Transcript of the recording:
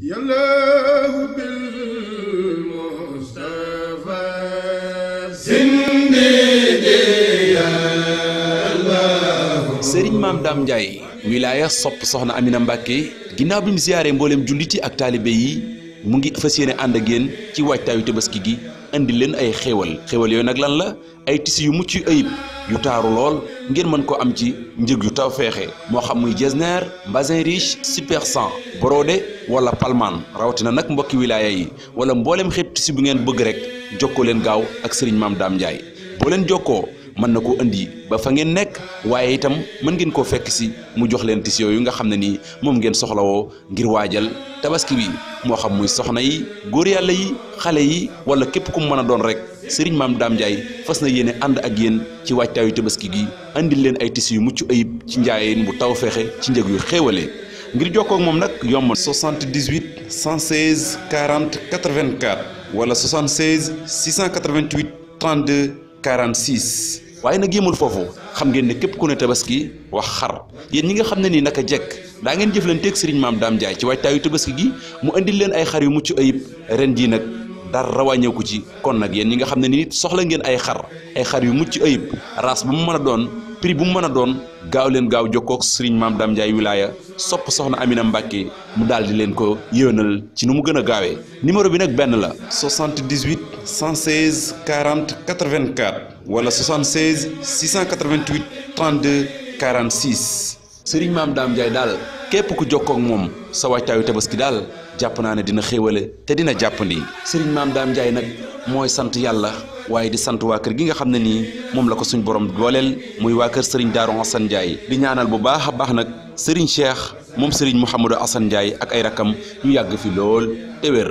sëriñ maam Dame Ndiaye wilaaya sopp soxna Amina Mbàkke ginnaaw bi mu siyaaree mbooleem julliti ak taalibe yi mu ngi fas yéene ànd a génn ci waajtaayu tabaski gi indi leen ay xéewal xéewal yooyu nag lan la ay tissus yu mucc ayib yu taaru lool ngir mën ko am ci njëg yu taw feexe moo xam muy jesner bazin riche super 100 brodé wala palmaan rawatina nag mbokki wilaya yi wala mboolem xeet tissu bu ngeen bëgg rek jokkoo leen gaaw ak sëriñ maam daam Ndiaye boo leen jokkoo. man na andi ba fa ngeen nekk waaye itam mën ngeen koo fekk si mu jox leen tis yooyu nga xam ne nii ngir tabaski bi xam muy soxna yi góor yàlla yi xale yi wala képp ku rek sëriñ maam Dame Ndiaye fas na yéene ànd ak yéen ci waajtaayu tabaski gi andil leen ay tis yu mucc ayib ci njaayeen bu taw ci yu xéewale ngir jokkoo ak moom nag yomb 78 116 40 84 wala 76 688 32 46 waaye na yéemul foofu xam ngeen ne képp ku ne tabaski wax xar yéen ñi nga xam ne nii naka jekk daa ngeen jëflanteeg sëriñ maam daam jaay ci waajtaayu tabaski gi mu indi leen ay xar yu mucc ayib ren jii nag dara wàññeeku ci kon nag yéen ñi nga xam ne nii soxla ngeen ay xar ay xar yu mucc ayib raas bu mu mën a doon. prix bu mu mën a doon gaaw leen gaaw jokkook sëriñ maam Dame Ndiaye wilaya sopp soxna Amina Mbacke mu daal di leen ko yéwénal ci nu mu gën a gaawee numéro bi nag benn la 78 116 40 84 wala 76 688 32 46 sëriñ maam Dame Ndiaye daal. képp ku jokkoo ak moom sa waajtaayu tabaski daal jàpp naa ne dina xéewale te dina jàppandi Serigne Maam Daam Ndiaye nag mooy sant yàlla waaye di sant waa kër gi nga xam ne nii moom la ko suñ borom dooleel muy waa kër Serigne Darou asan Ndiaye di ñaanal bu baax a baax nag Serigne Cheikh moom Serigne Mouhamadou Assane Ndiaye ak ay rakam ñu yàgg fi lool te wér.